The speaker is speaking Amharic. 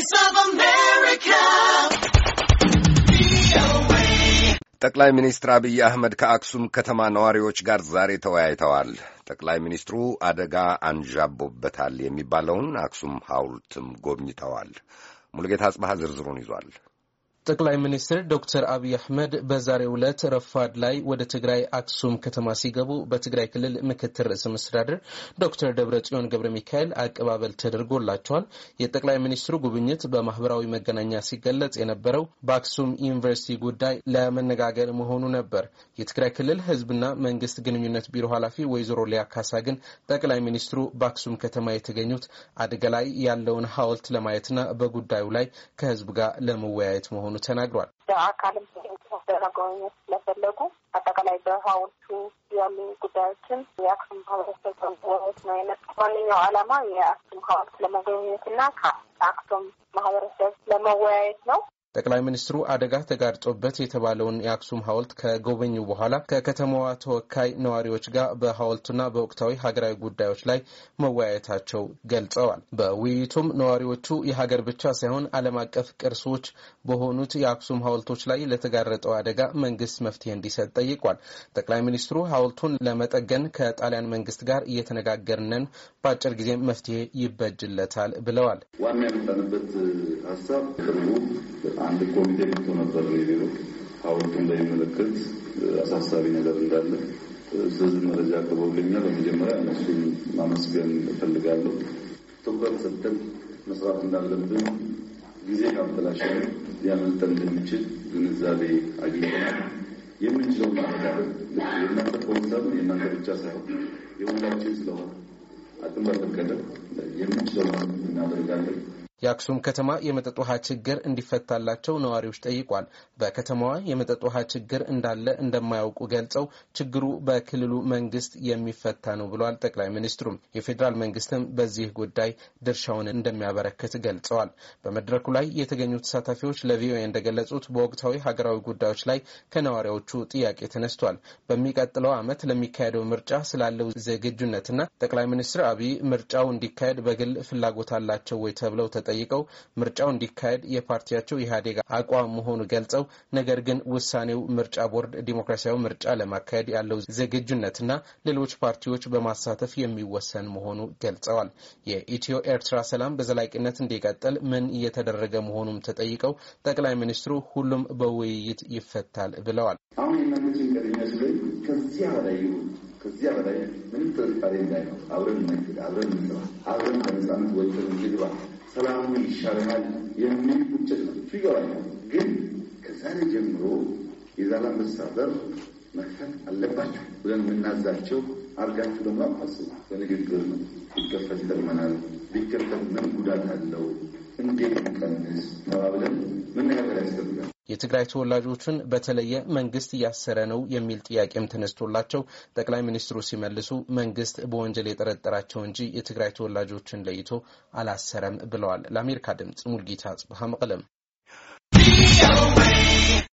Voice of America. ጠቅላይ ሚኒስትር አብይ አህመድ ከአክሱም ከተማ ነዋሪዎች ጋር ዛሬ ተወያይተዋል። ጠቅላይ ሚኒስትሩ አደጋ አንዣቦበታል የሚባለውን አክሱም ሐውልትም ጎብኝተዋል። ሙሉጌታ አጽባሃ ዝርዝሩን ይዟል። ጠቅላይ ሚኒስትር ዶክተር አብይ አሕመድ በዛሬው ዕለት ረፋድ ላይ ወደ ትግራይ አክሱም ከተማ ሲገቡ በትግራይ ክልል ምክትል ርዕሰ መስተዳድር ዶክተር ደብረ ጽዮን ገብረ ሚካኤል አቀባበል ተደርጎላቸዋል። የጠቅላይ ሚኒስትሩ ጉብኝት በማህበራዊ መገናኛ ሲገለጽ የነበረው በአክሱም ዩኒቨርሲቲ ጉዳይ ለመነጋገር መሆኑ ነበር። የትግራይ ክልል ህዝብና መንግስት ግንኙነት ቢሮ ኃላፊ ወይዘሮ ሊያ ካሳ ግን ጠቅላይ ሚኒስትሩ በአክሱም ከተማ የተገኙት አደጋ ላይ ያለውን ሀውልት ለማየትና በጉዳዩ ላይ ከህዝብ ጋር ለመወያየት መሆኑ እንደሆኑ ተናግሯል። በአካልም ለመጎብኘት ስለፈለጉ አጠቃላይ በሀውልቱ ያሉ ጉዳዮችን የአክሱም ማህበረሰብ ነው የመጡ ዋነኛው ዓላማ የአክሱም ሀውልት ለመጎብኘት ለመጎብኘትና ከአክሱም ማህበረሰብ ለመወያየት ነው። ጠቅላይ ሚኒስትሩ አደጋ ተጋርጦበት የተባለውን የአክሱም ሐውልት ከጎበኙ በኋላ ከከተማዋ ተወካይ ነዋሪዎች ጋር በሐውልቱና በወቅታዊ ሀገራዊ ጉዳዮች ላይ መወያየታቸው ገልጸዋል። በውይይቱም ነዋሪዎቹ የሀገር ብቻ ሳይሆን ዓለም አቀፍ ቅርሶች በሆኑት የአክሱም ሐውልቶች ላይ ለተጋረጠው አደጋ መንግስት መፍትሄ እንዲሰጥ ጠይቋል። ጠቅላይ ሚኒስትሩ ሐውልቱን ለመጠገን ከጣሊያን መንግስት ጋር እየተነጋገርነን፣ በአጭር ጊዜ መፍትሄ ይበጅለታል ብለዋል። ዋና የመጣንበት ሀሳብ አንድ ኮሚቴ መጥቶ ነበር የቢሮ ሐውልቱን በሚመለከት አሳሳቢ ነገር እንዳለ ስለዚህ መረጃ አቅርበውልኛል። በመጀመሪያ እነሱን ማመስገን እፈልጋለሁ። ትኩረት ሰጥተን መስራት እንዳለብን ጊዜ ካበላሸን ሊያመልጠን እንደሚችል ግንዛቤ አግኝተናል። የምንችለው ማረጋገጥ የእናንተ ኮንሰርን የእናንተ ብቻ ሳይሆን የሁላችን ስለሆነ አቅም በፈቀደ የምንችለው እናደርጋለን። የአክሱም ከተማ የመጠጥ ውሃ ችግር እንዲፈታላቸው ነዋሪዎች ጠይቋል። በከተማዋ የመጠጥ ውሃ ችግር እንዳለ እንደማያውቁ ገልጸው ችግሩ በክልሉ መንግስት የሚፈታ ነው ብለዋል ጠቅላይ ሚኒስትሩም። የፌዴራል መንግስትም በዚህ ጉዳይ ድርሻውን እንደሚያበረክት ገልጸዋል። በመድረኩ ላይ የተገኙ ተሳታፊዎች ለቪኦኤ እንደገለጹት በወቅታዊ ሀገራዊ ጉዳዮች ላይ ከነዋሪዎቹ ጥያቄ ተነስቷል። በሚቀጥለው ዓመት ለሚካሄደው ምርጫ ስላለው ዝግጁነትና ጠቅላይ ሚኒስትር አብይ ምርጫው እንዲካሄድ በግል ፍላጎት አላቸው ወይ ተብለው ጠይቀው ምርጫው እንዲካሄድ የፓርቲያቸው ኢህአዴግ አቋም መሆኑ ገልጸው ነገር ግን ውሳኔው ምርጫ ቦርድ ዲሞክራሲያዊ ምርጫ ለማካሄድ ያለው ዝግጁነትና ሌሎች ፓርቲዎች በማሳተፍ የሚወሰን መሆኑ ገልጸዋል። የኢትዮ ኤርትራ ሰላም በዘላቂነት እንዲቀጥል ምን እየተደረገ መሆኑም ተጠይቀው ጠቅላይ ሚኒስትሩ ሁሉም በውይይት ይፈታል ብለዋል። ከዚያ በላይ ምንም ጥርጣሬ እንዳይኖር አብረን አብረን አብረን በነጻነት ወይተን ሰላም ይሻለናል የሚል ቁጭት ነው ይገባኛል። ግን ከዛሬ ጀምሮ የዛላ መሳበር መክፈት አለባቸው ብለን የምናዛቸው አድርጋችሁ ደግሞ አታስቡ። በንግግር ነው ሊከፈት ይጠቅመናል፣ ሊከፈት ምን ጉዳት አለው፣ እንዴት ቀንስ ተባ የትግራይ ተወላጆችን በተለየ መንግስት እያሰረ ነው የሚል ጥያቄም ተነስቶላቸው ጠቅላይ ሚኒስትሩ ሲመልሱ መንግስት በወንጀል የጠረጠራቸው እንጂ የትግራይ ተወላጆችን ለይቶ አላሰረም ብለዋል። ለአሜሪካ ድምፅ ሙልጌታ ጽብሃ መቀለም